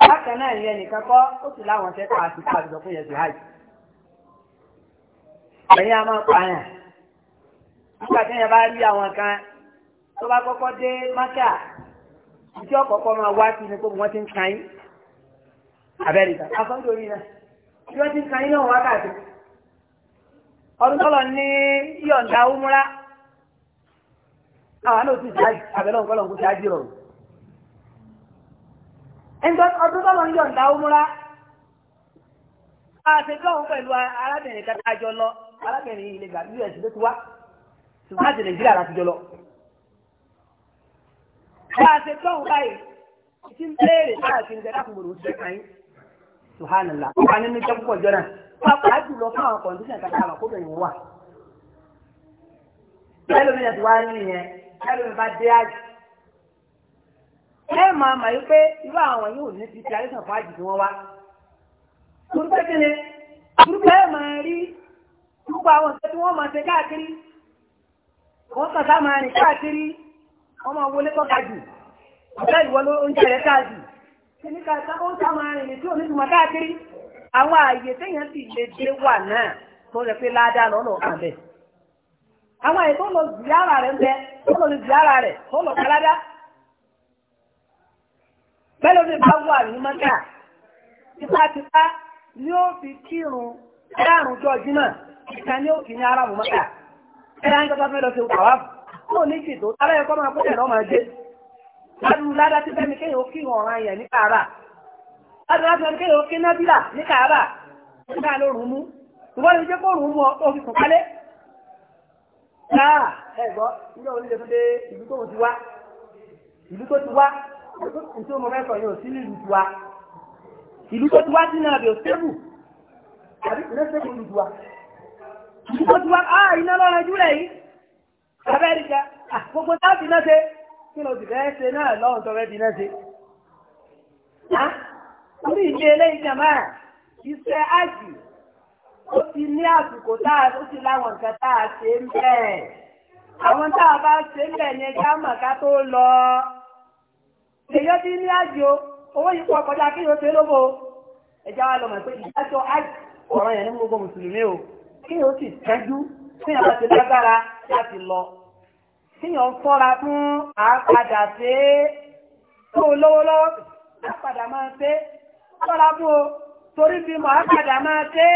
bákan náà ìyẹn nìkan kọ́ ó sì láwọn tẹ́tà àti tá a jọ fún yẹn sí àì. a máa pààyàn nígbà tí yẹn bá rí àwọn kan tó bá kọ́kọ́ dé mákà ìjọ kọ̀ọ̀kan máa wá sí ni pé wọ́n ti ń kan yín abẹ́rẹ́ ìgbà afọ́ndorí náà ìjọ ti ń kan yín náà wákàtí ọdún tọ́lọ ní yọ̀ǹda umra àwọn náà ti ṣe àbẹ̀lọ́ nǹkan lọ́nkú ṣe ájì rọrùn. ẹnjọ́ ọdún tọ́lọ́ ń yọ̀ǹda umra a ṣe tọ́hún pẹ̀lú arábìnrin kan àjọ lọ arábìnrin ilẹ̀ gbà bí us ló ti wá ṣùgbọ́n àti nàìjíríà láti jọ lọ. a ṣe tọ́hún báyìí tí ń béèrè káàkiri gẹ́gẹ́ fún gbòòrò ṣe kàn yín subhanallah ọba nínú iṣẹ́ púpọ̀ jọ náà pàápàá jùlọ fún àwọn kọ̀ǹdíṣàn kankan àmọ́ kó bẹ̀rẹ̀ wà. ẹlòmíràn ti wá ní ẹlòmíì bá dé àjì ẹ máa mà yín pé irú àwọn yóò ní ti ti àrísàn fún àjì tí wọ́n wá torípé kí ni torípé ẹ máa rí gbogbo àwọn ìṣẹ́ tí wọ́n máa ṣe káàkiri wọ́n kàn sá máa rìn káàkiri wọ́n máa wọlé kọ́ka jù ọ̀sẹ̀ ìwọ ló ń jẹ̀rẹ̀ káàdì kíní ká sá ó sá máa rìn tí ò ní káàkiri àwọn téèyàn sì lè dé wà náà tó rẹ pé ládàá àwọn èyí tó lọ ziyara rẹ̀ ń bẹ tó lọ ziyara rẹ̀ tó lọ káládá bẹ́ẹ̀ ló bá wà ni ó fi kírun dáàrùn jọ jimá ìka ni ó kì ní mọ́tà ẹ̀rọ ń fẹ́ lọ sí tó ní ara ẹ̀kọ́ máa kó ẹ̀rọ máa jẹ ládùú ládá tí fẹ́mi kéèyàn ó kírun ọ̀ràn yẹn ní kàárà ládùú ládá fẹ́mi kéèyàn ó kí nábìlà káà ah, ẹ̀gbọ́ nígbà wo ni lẹ́tọ́ dé ìlú tó ti wá ìlú tó ti wá nítorí mo fẹ́ sọ yóò sí nílùú ti wá ìlú tó ti wá sí náà bíò sébù àbí ìlú sébù ìlú ti wá ìlú tó ti wá á ah, iná lọ́rọ̀ ojú rẹ̀ yìí abẹ́ rí jẹ ah, gbogbo táàbì náà ṣe kí ló sì fẹ́ ṣe náà lọ́rùn tó fẹ́ di náà ṣe. orí ìdí eléyìí jàmáà iṣẹ́ àjì ó ti ní àsìkò tá a ó ti láwọn nǹkan tá a ṣe ń bẹ̀. àwọn tá a bá ṣe ń bẹ̀ ni ká mọ̀ ká tó lọ. èyí ti ní àjò owó yìí pọ̀ kọjá kí yóò ṣe lógo. ẹja wa lọ mọ̀ pé ìdájọ́ ọ̀ràn yẹn ní gbogbo mùsùlùmí o kí yóò sì tẹ́jú kí yóò ti lágbára láti lọ. kí yóò fọ́ra fún àpàdà ṣe tó lówó lọ́wọ́ àpàdà máa ṣe fọ́ra fún o torí bí mo àpàdà máa ṣe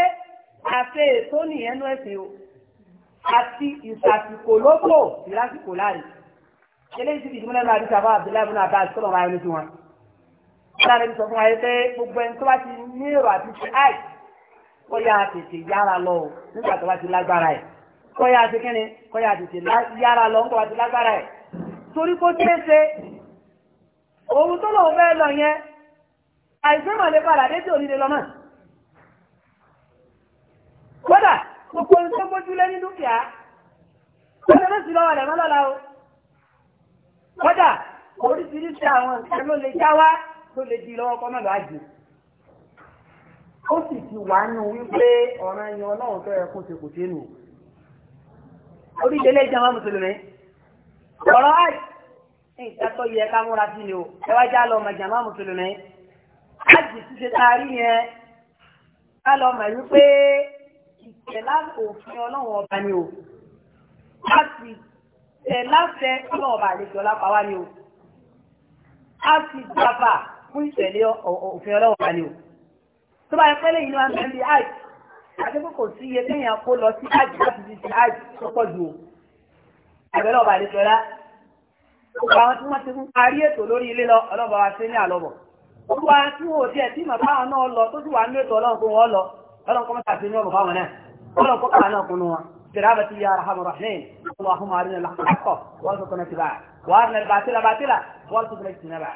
àti ètò nìyẹn nú ẹ̀sìn o àti ìsàsìkò lóko ìlàsìkò láàyè eléyìí ti dìbò lẹ́nu àdúgbò àbá Abdullahi bin Abbas sọ̀rọ̀ wáyé ní tiwọn. Ọlọ́run sọ fún wa yẹ pé gbogbo ẹni tó bá ti ní èrò àti ṣe àì kó yá tètè yára lọ o nígbà tó bá ti lágbára ẹ̀ kó yá tètè kíni kó yá tètè yára lọ nígbà tó bá ti lágbára ẹ̀ torí kó tẹ́ ṣe òun tó lòun fẹ́ lọ yẹn àìsàn mọ̀lẹ́ padà dé tí kódà gbogbo ohun tó mójúlé ní dúkìá kódà ló sì lọ́wọ́ rẹ̀ mọ́lọ́lá o kódà oríṣiríṣi àwọn nǹkan ló lè já wá tó lè di lọ́wọ́ kọ́ mọ́lọ́ àjò ó sì ti wà nù wípé ọ̀ràn ẹ̀yàn ọlọ́run tó yẹ kó ṣe kò ṣe nù oríṣiríṣi ilé ìjọba mùsùlùmí ọ̀rọ̀ àì nǹkan tó yẹ ká múra sí ni o ẹ wá já lọ ọmọ ìjàmbá mùsùlùmí àjì ti ṣe taari yẹn ká lọ mọ̀ wípé ìtẹ̀lá òfin ọlọ́run ọba ni o a sì tẹ̀lá fẹ́ ọlọ́run ọba àlejò ọlápá wa ni o a sì gbàgbà fún ìtẹ̀lé òfin ọlọ́run ọba ni o tó bá yẹ pẹ́lẹ́ yìí ni wọ́n ń bẹ́ẹ̀ àì àti pé kò sí iye téèyàn kó lọ sí àjì láti fi ṣe àjì tó pọ̀ o àbẹ̀lẹ̀ ọba àlejò ọlá gbogbo àwọn tí wọ́n ti fún parí ètò lórí ilé lọ ọlọ́ba wa ṣe ní àlọ́bọ̀ gbogbo àwọn tí wọ́n ò tiẹ̀ tí màbá àwọn náà lọ tó sì wà nínú ètò ọlọ́run fún wọn lọ ọlọ́run قمت mọ́ta àti ní ọ̀rọ̀ báwọn náà ọlọ́run يا اللهم ارنا الحق وارزقنا اتباعه وارنا الباطل باطلا وارزقنا اجتنابه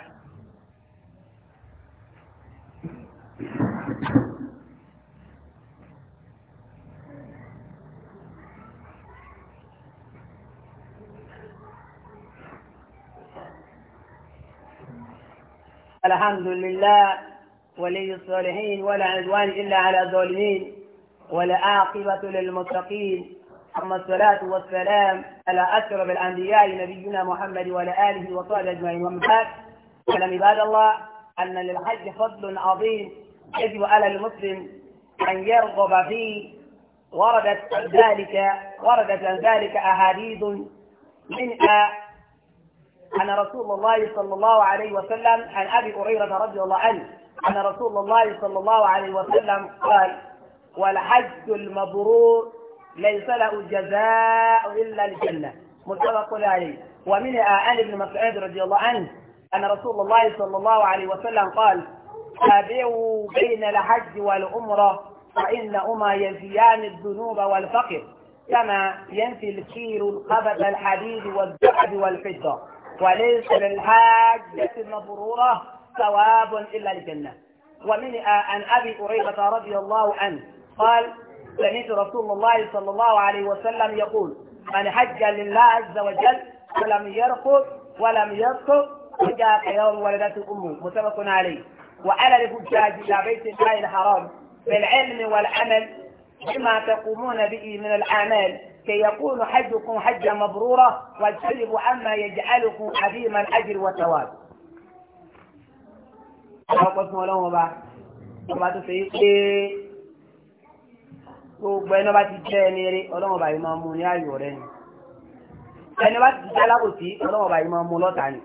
الحمد لله ولي الصالحين ولا عدوان إلا على الظالمين ولا عاقبة للمتقين ثم الصلاة والسلام على أشرف الأنبياء نبينا محمد وعلى آله وصحبه أجمعين ومن بعد اعلم عباد الله أن للحج فضل عظيم يجب على المسلم أن يرغب فيه وردت ذلك وردت عن ذلك أحاديث منها أن رسول الله صلى الله عليه وسلم عن أبي هريرة رضي الله عنه أن رسول الله صلى الله عليه وسلم قال والحج المبرور ليس له جزاء إلا الجنة متفق عليه ومنها آل ابن مسعود رضي الله عنه أن رسول الله صلى الله عليه وسلم قال تابعوا بين الحج والعمرة فإنهما ينفيان الذنوب والفقر كما ينفي الكير القبض الحديد والذهب والفضة وليس للحاجة المبرورة ثواب إلا الجنة ومن آه، عن أبي هريرة رضي الله عنه قال سمعت رسول الله صلى الله عليه وسلم يقول من حج لله عز وجل ولم يرقد ولم يرقد وجاء يوم ولدته أمه متفق عليه وعلى الحجاج إلى بيت الله الحرام بالعلم والعمل بما تقومون به من الأعمال كي يكون حجكم حجا مبرورا واجتنبوا عما يجعلكم عظيم الأجر والثواب ọ̀pọ̀ fún ọlọ́wọ́n ọba ọba tó fẹ́ pé gbogbo ẹni ọba ti jẹ́ ẹni eré ọlọ́wọ́n ọba yìí máa mú ní ayọ̀ rẹ ni ẹni ọba ti jẹ́ alábòsí ọlọ́wọ́n ọba yìí máa mú lọ́tà ni.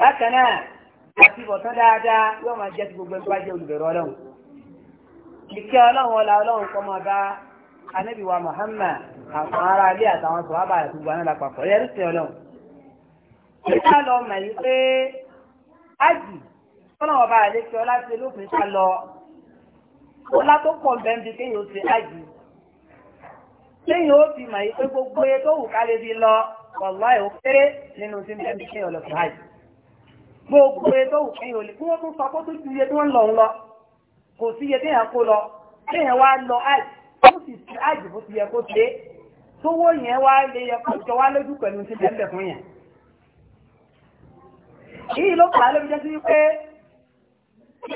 bákan náà àti ìbọ̀tán dáadáa yóò máa jẹ́ ti gbogbo ẹni tó bá jẹ́ olùbẹ̀rù ọlọ́run. ìkẹ́ ọlọ́run ọlá ọlọ́run kọ́ máa bá anábì wa Muhammad àwọn ará ilé àtàwọn sọ̀rọ̀ àbàlẹ̀ gbogbo àná Aji, tọ́lọ́wọ́ ọba rẹ̀ lékè ọlá ṣe lópin ká lọ ọlá tó pọ̀ ń kéèyàn ṣe kéèyàn ó fi lọ kéré nínú tí aji. kéèyàn lọ gbogbo ẹ tó wù kéèyàn lè kí tún sọ pé tí lọ ń lọ lọ téèyàn wá lọ ájì ó sì bó ti yẹ kó ṣe tówó yẹn wá lè yẹ kó jọ wá lójú pẹ̀lú tí bẹ́ẹ̀ fún yẹn. èyí ló fà á lóbi jẹ́ sí wípé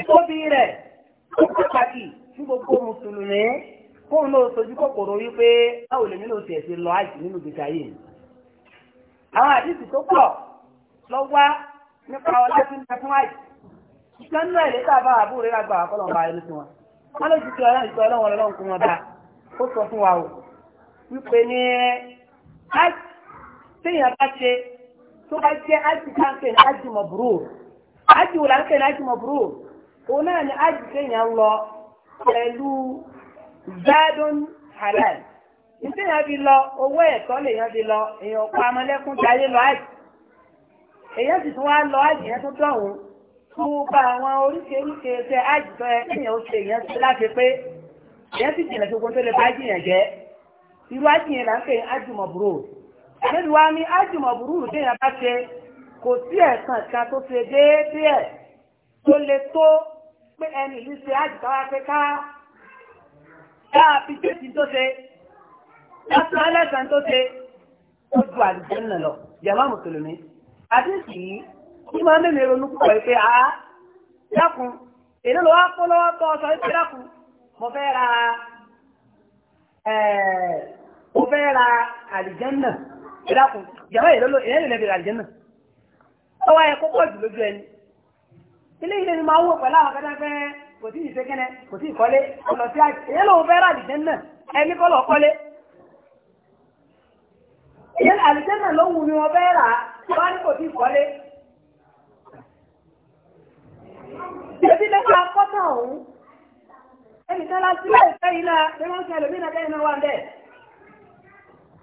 tóbi rẹ̀ ó pàtàkì fún gbogbo mùsùlùmí fóun náà sojú kòkòrò wípé báwo lèmi náà tiẹ̀ ṣe lọ àìsí nínú ìgbésí ayé mi. àwọn àdìsí tó pọ̀ lọ wá nípa ọlá tí ń bẹ fún àìsí. ìṣẹ́ nínú ẹ̀ lẹ́tà bá àbúrò rẹ̀ àgbà àkọlọ̀ bá ẹni fún wọn. wọ́n ló ti fi ọlọ́run ìṣọ́ ọlọ́run ọlọ́run kún wọn bá ó sọ fún wa o. wípé ní àìsí téèyàn bá ṣe tó bá jẹ́ ájì káńpé ní ájì mabrur nke wò láńpé o náà ni lọ pẹ̀lú zádùn halal ìtẹ̀yàn bi lọ owó ya fi lọ èèyàn pa amọ̀lẹ́kùn tí lọ lọ yẹn tó dọ̀hún tó bá àwọn oríṣiríṣi tó yẹ kéèyàn ṣe láti pé tó lè bá irú àbẹ́bí wa ní ájùmọ̀ burúkú téèyàn bá ṣe kò sí ẹ̀sán kan tó ṣe déédéé ẹ̀ tó le tó pé ẹni ìlú ṣe ájùkáwá pé ká dáa fi tètè tó ṣe láti alẹ́sàn tó ṣe ó ju àlùjànnà lọ jàmá mùsùlùmí àdéhùn yìí kí máa mẹ́mẹ́ ronú púpọ̀ pé a dákun èdè ló wá kó lọ́wọ́ tó ọsọ ìpè dákun mo fẹ́ ra mo fẹ́ ra àlùjànnà. ìdákun jàmá ìlọ́lọ́ ìyẹn lè bèrè àlìjẹ́ náà ẹ jù lójú ẹni ilé ilé ni máa wó pẹ̀lú àwọn akẹ́kẹ́ fẹ́ kò sí ìṣẹ́kẹ́nẹ́ kò ọ̀nà sí fẹ́ ẹni kọ́lé ló wù fẹ́ rà ní kò sí ìkọ́lé ìdí ọ̀hún ẹnìkan yìí náà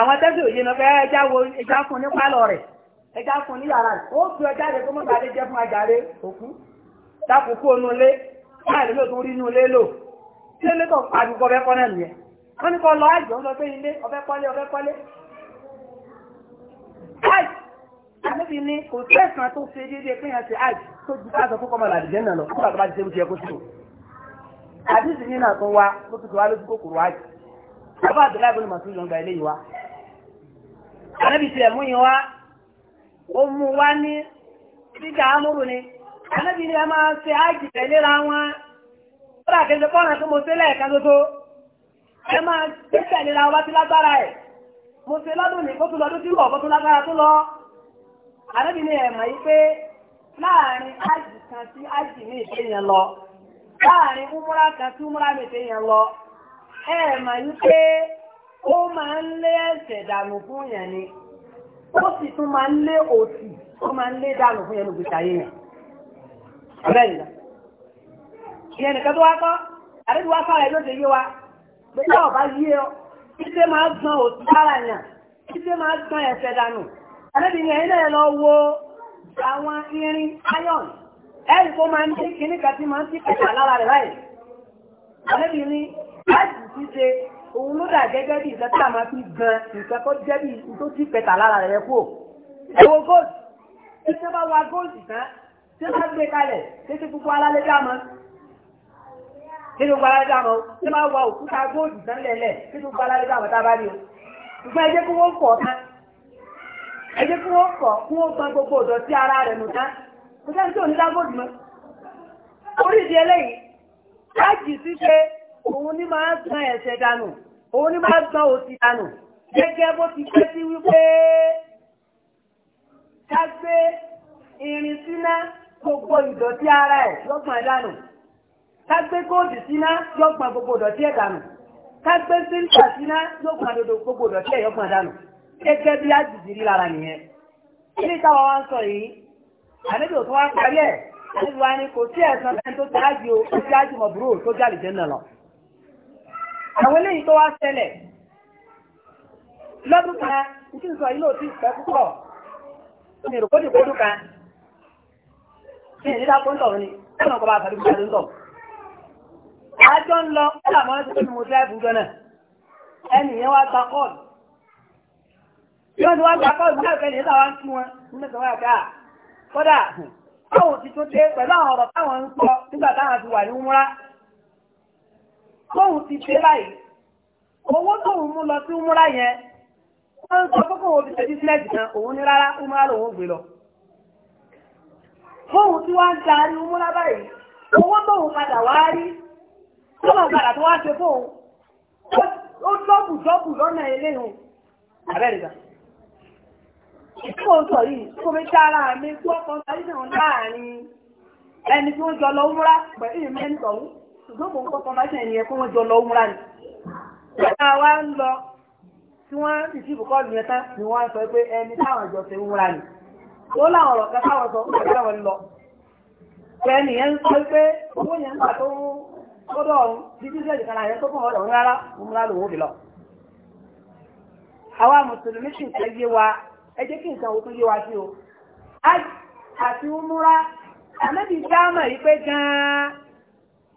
àwọn tẹ́sí òye náà fẹ́ ẹja wo ẹja fún ní pálọ̀ rẹ̀ ẹja fún ní yàrá rẹ̀ ó fi ọjà rẹ̀ tó mọ́ gbàdé jẹ́ fún ajáre òkú dákòókò nulẹ̀ láì lè tó rí nulẹ̀ lò tí ilé tó pàdùkọ ọbẹ̀ kọ́ náà nìyẹn wọ́n ní kọ́ lọ àìjọ ń lọ pé ilé ọbẹ̀ kọ́lé ọbẹ̀ kọ́lé àìj àníbi ni kò tẹ̀sán tó ṣe déédéé pé yẹn ṣe àìj tó ju káàsọ fún kọ́mọ làdìjẹ́ náà lọ kó bàbá ti ṣe bó ti yẹ kó sí o àdìsí yìí náà tún wá tó ti tó wá lójú kòkòrò àìj bàbá àdìlá ìbọn màtún yọ̀ǹga ilé ànábì tilẹ̀ mú yín wá ó mú wá ní títà amúrù ni ànábì ni ẹ máa ṣe ájì tẹ̀léra wọn ó pọ́nà tó mo ṣe lẹ́ẹ̀kan tó tó ẹ máa ṣe wọn bá lágbára ẹ̀ mo ṣe lọ́dún ní kó tún lọ́dún tí wọ̀ kó lágbára tó lọ ni pé láàrin ó máa ń lé ẹ̀ṣẹ̀ dànù fún yẹn ni ó sì tún máa ń lé òsì ó máa ń lé dànù fún yẹn lùgbèsè ayé yẹn ọ̀rẹ́ ìlà nìkan tó wá kọ́ àdéhùn wá sára ṣe yé wa pé tá ọba yé ọ títí máa yàn títí máa dànù yẹn lọ wo àwọn irin iron ẹ̀rì kó máa ń tí máa ń tí lára rẹ̀ báyìí òun ló dà gẹ́gẹ́ bí nǹkan tí a máa fi gan nǹkan tó jẹ́ bí tó ti pẹ̀tà lára rẹ̀ kú. ẹ̀wọ̀n gold tí tí bá wa gold tán tí bá gbé kalẹ̀ tí tí gbogbo alálẹ́ dá mọ́ tí gbogbo alálẹ́ dá mọ́ tí bá wa òkúta gold tán lẹ̀lẹ̀ tí gbogbo alálẹ́ dá mọ́ tá a bá rí o. ṣùgbọ́n ẹ jẹ́ kí wọ́n fọ̀ tán ẹ jẹ́ kí wọ́n fọ̀ kí wọ́n gbọ́n gbogbo ìdọ̀tí ara rẹ̀ nù tán kò sẹ́ni tí ò ní mọ́. orí ìdí eléyìí òun ní máa gbọ́n ẹ̀ṣẹ̀ dànù òun ní máa gbọ́n òsì dànù gẹ́gẹ́ bó ti pẹ́ sí wípé ká gbé irin síná gbogbo ìdọ̀tí ara ẹ̀ lọ́gbọ̀n ẹ̀ dànù ká gbé góòdì síná lọ́gbọ̀n gbogbo ìdọ̀tí ẹ̀ dànù ká gbé sílùkà síná lọ́gbọ̀n gbogbo ìdọ̀tí ẹ̀ yọ́gbọ̀n dànù gẹ́gẹ́ bí àjèjì rí lára nìyẹn ilé táwa wá ń sọ yìí àlejò tó wá parí ẹ̀ àlejò wa ni kò sí ẹ̀sán tó ti ájò tó ti àwọn eléyìí tó wá ṣẹlẹ̀ lọ́dún kan ìdí ìsọ ilé òtí ìpẹ́ púpọ̀ tó ní kọ́dù kan ní ìdílá kó ní ọ̀nà ọkọ̀ bá ń lọ ọ̀là mọ́ jọ náà ẹnì yẹn wá gba kọ́ọ̀lù. yóò ní wá gba ní ìta wá ń kí wọn ká kódà báwo ti tóun ti dé báyìí owó tóun mú lọ sí múra yẹn wọ́n ń sọ kókó wo fi ṣe bísíǹnẹ́sì kan òun ní rárá múra lòun gbé lọ tóun tí wọ́n ń darí múra báyìí owó tóun padà wá rí tóun padà tó wá ṣe fóun ó dọ́bù dọ́bù lọ́nà eléyìí àbẹ́rẹ́gbà ìfún sọ yìí kó mi sára mi kú ọkọ̀ sọ yìí náà láàrin ẹni tí ó jọ lọ múra pẹ̀lú ìmẹ́ntọ̀hún gbogbo nǹkan kan máa ṣẹ̀yìn yẹn kó wọ́n jọ lọ múra ni. ìgbà wa ń lọ tí wọ́n ti fi bùkọ́ ìlú tán ni wọ́n á sọ pé ẹni táwọn ìjọ ṣe ń ni. ó láwọn ọ̀rọ̀ kan táwọn sọ fún ìgbà wọn lọ. pẹ̀lú yẹn ń sọ pé owó yẹn ń gbà tó kódọ̀ ọ̀hún bí bí sẹ́ẹ̀dì kan àyẹ̀ tó fún ọ̀dọ̀ rárá múra lòun ò fi lọ. àwa mùsùlùmí sì ń tẹ́ yé wa ẹ jẹ́ kí nǹkan òkú yé wa sí o. àti múra àmẹ́bí dáhùn yìí pé gan-an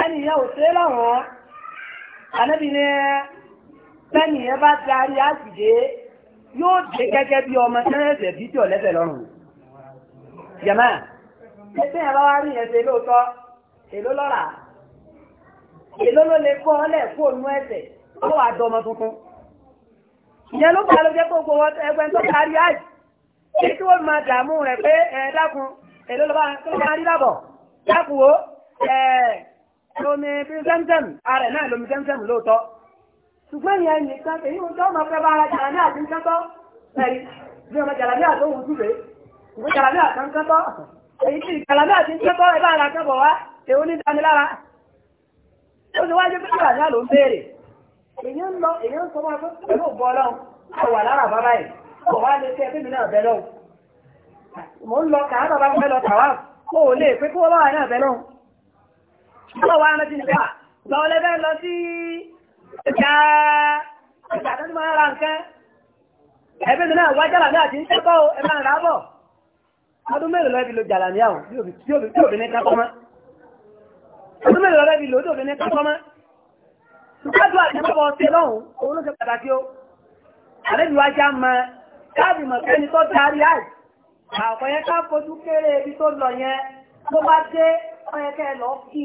ẹnìyàn ò ṣe lọ́wọ́ ànábì ni pẹ́nìyàn bá darí àtìdé yóò dé gẹ́gẹ́ bí ọmọ sẹ́rẹ̀ẹ̀sẹ̀ bí tí lọ́rùn jẹ̀mọ́ ẹgbẹ́ yẹn bá wá rí èló lọ́ra èló ló lè kọ́ ọ́lẹ̀ fóònù ẹsẹ̀ ó wà dọmọ tuntun ìyẹn ló bá ló jẹ́ gbogbo ẹgbẹ́ tó darí àjì èyí tí wọ́n máa dààmú rẹ̀ pé ẹ̀ èló ló bá rí lábọ̀ dákun wo ẹ̀ lómi bí zẹ́mzẹ́m ààrẹ náà lómi zẹ́mzẹ́m lóòótọ́ ṣùgbọ́n ìyá nìkan èyí wọn tó máa fẹ́ bá ara jàrá ní àti nǹkan tọ́ ẹ̀rí bí ọmọ jàrá ní àtọ́ òun dúró ìwé jàrá ní àtọ́ nǹkan tọ́ èyí tí jàrá ní àti nǹkan tọ́ ẹ bá ara kan bọ̀ wá èwo ní dami lára ó ti wájú pé jàrá ní àlò ń béèrè èyí ń lọ èyí ń sọ wọn pé pẹ̀lú ògbọ́ ọlọ́run kò wà lára bàbá yìí kò wá lè fẹ́ fẹ́mi náà bẹ́ lọ́wọ́ mò ń lọ kàá bàbá fẹ́ lọ tàwa kó o lè pé kó o bá wà Ìjọ wa rántí nípa, lọ lẹ́fẹ́ lọ sí ìjà ìjàdá tí máa ra nǹkan. Ẹbí mi náà wá jàlàmí àti ń tẹ́kọ̀ ẹ máa rà bọ̀. Ọdún mélòó lẹ́bi lo jàlàmí àwọn tí òbí ní kápọ́ mọ́. Ọdún mélòó lẹ́bi lo tí òbí ní kápọ́ mọ́. Ṣùgbọ́n àti ọmọ ọ̀sẹ̀ lọ́hùn, òun ló ṣe pàtàkì o. Àlejò wa já mọ káàdì mọ̀ sẹ́ni tó darí àì. Àkọ̀yẹ ká fojú kéré ibi tó lọ yẹn, tó bá dé ọ̀yẹ́kẹ́ lọ kí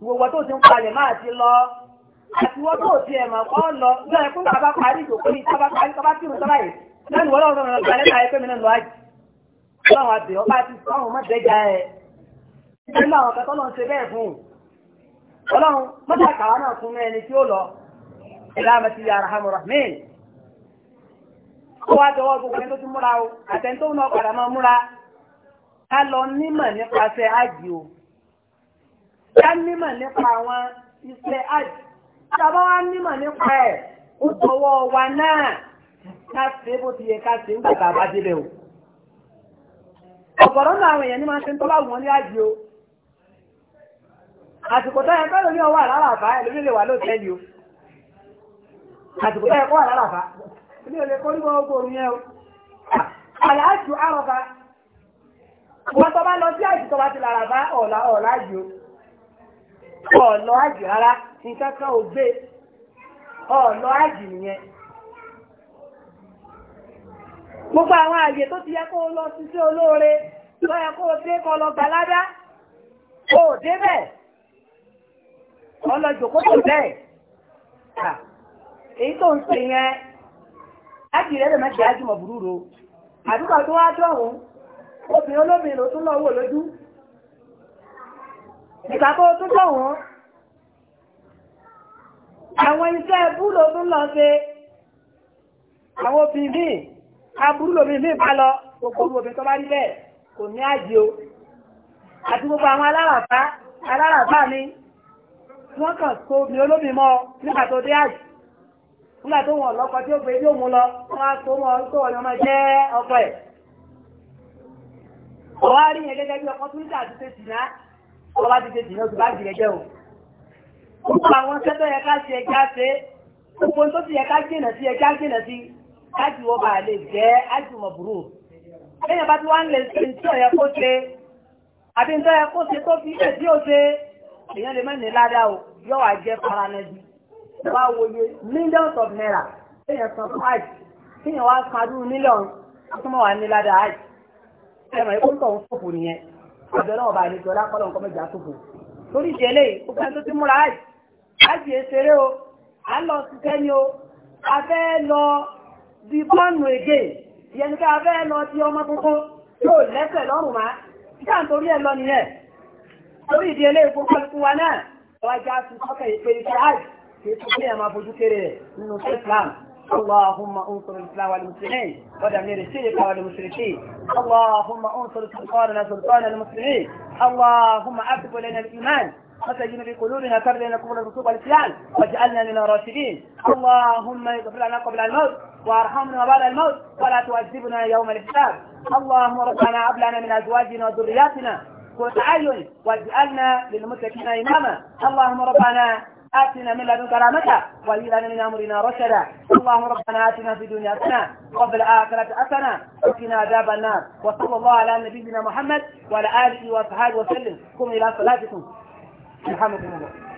gbogbo tó ti ń palẹ̀ máa ti lọ àti wọ́n tó ti ẹ̀mọ̀ kọ́ lọ lọ́yẹ̀ fún bàbá parí ìjòkó ní tábà parí tọ́bá kírun tọ́bá yìí lẹ́nu wọ́n lọ́wọ́ lọ́wọ́ lọ́wọ́ lẹ́nu ayé pé mi náà lọ àjì lọ́wọ́ àbẹ̀ ọba ti sọ́run mọ́ dẹ́jà ẹ̀ nínú àwọn kẹtọ́ lọ́n ṣe bẹ́ẹ̀ fún ọlọ́run mọ́tà kàwá náà fún ẹni tí ó lọ ìlànà ti yàrá hamu rahmin ká nímọ̀ nípa àwọn iṣẹ́ àjì tàbá wá nímọ̀ nípa ẹ̀ ó tọwọ́ wa náà ká bó ti yẹ ká ń gbàgbà bá débẹ̀ o ọ̀pọ̀rọ̀ náà àwọn èèyàn ní máa ń ṣe ń tọ́lá wọn ní àjì o àsìkò tó yẹ kọ́lù ní ọwọ́ àlàáfà ẹ̀ lórí lè wà lóòtẹ́lì o àsìkò tó yẹ kọ́ àlàáfà ní olè kọ́ nígbà ogun orin yẹn o àlàájù àrọ̀fà wọ́n ọ̀nà àjì rárá nǹkan kan ò àjì nìyẹn. gbogbo àwọn àyè tó ti yẹ kó lọ sí sí olóore kó dé kọ lọ gbalada o débẹ̀ ọ̀nà jòkó tó èyí tó ń sè yẹn àjì rẹ̀ lè má jẹ́ àdúgbò tó ìkàkọ́ tó tọ̀ wọ́n àwọn iṣẹ́ ẹbú ló lọ ṣe àwọn obìnrin míì aburú lómi míì bá lọ gbogbo obìnrin tó bá rí bẹ́ẹ̀ kò ní àjò àti gbogbo àwọn aláràbá aláràbá mi wọ́n kàn so obìnrin olómi mọ́ nígbà tó dé àjò nígbà tó wọn lọ́kọ tí ó gbé ilé òun lọ wọ́n á so mọ́ tó wọ́n yọmọ jẹ́ ọkọ ẹ̀. ọ̀wá rí yẹn gẹ́gẹ́ bí ọkọ tó ń dà wọ́n bá ti ṣe jìnnà oṣù báàgì ẹ̀jẹ̀ o. Gbogbo àwọn sẹ́tọ̀ yẹ ká ṣe ẹja ṣe, gbogbo tó ti yẹ ká jìnnà sí ẹja jìnnà sí, káàdì wọ́n bá lè jẹ́ ájú mọ̀bùrù. Lẹ́yìn bá ti wá ń lè ṣe tí ọ̀yẹ́ kó ṣe, àbí nítorí ẹ kó ṣe tó fi ilé tí ó èèyàn lè mẹ́rin ládà o, yóò wá jẹ́ paranẹ́bí. Wá wòye millions of naira, èèyàn san five, kéèyàn wá san adúrú mílíọ̀nù, ó tún mọ̀ wá ní ládà áì. Ẹ̀rọ ọ̀dọ̀ náà ọba àlejò ọlápọ̀lọ̀ nǹkan mẹ́jà tó torí ìṣẹ̀lẹ̀ òkè tó ti múra ájì ájì èsèré o à ń o a lọ di bọ́ọ̀nù èdè ìyẹn ni ká lọ di ọmọ tuntun lẹ́sẹ̀ lọ́rùn اللهم انصر الإسلام والمسلمين ودمير الشرك والمشركين اللهم انصر سلطاننا سلطان المسلمين اللهم أكف لنا الإيمان وسجن في قلوبنا لنا كفر الرسول والإسلام واجعلنا من الراشدين اللهم اغفر لنا قبل الموت وارحمنا بعد الموت ولا تؤذبنا يوم الحساب اللهم ربنا أبلنا من أزواجنا وذرياتنا وتعين واجعلنا للمتقين إماما اللهم ربنا آتنا من لدنك رحمة ولينا من أمرنا رشدا الله ربنا آتنا في الدنيا حسنة وفي الآخرة حسنة وقنا عذاب النار وصلى الله على نبينا محمد وعلى آله وصحبه وسلم قم إلى صلاتكم الحمد لله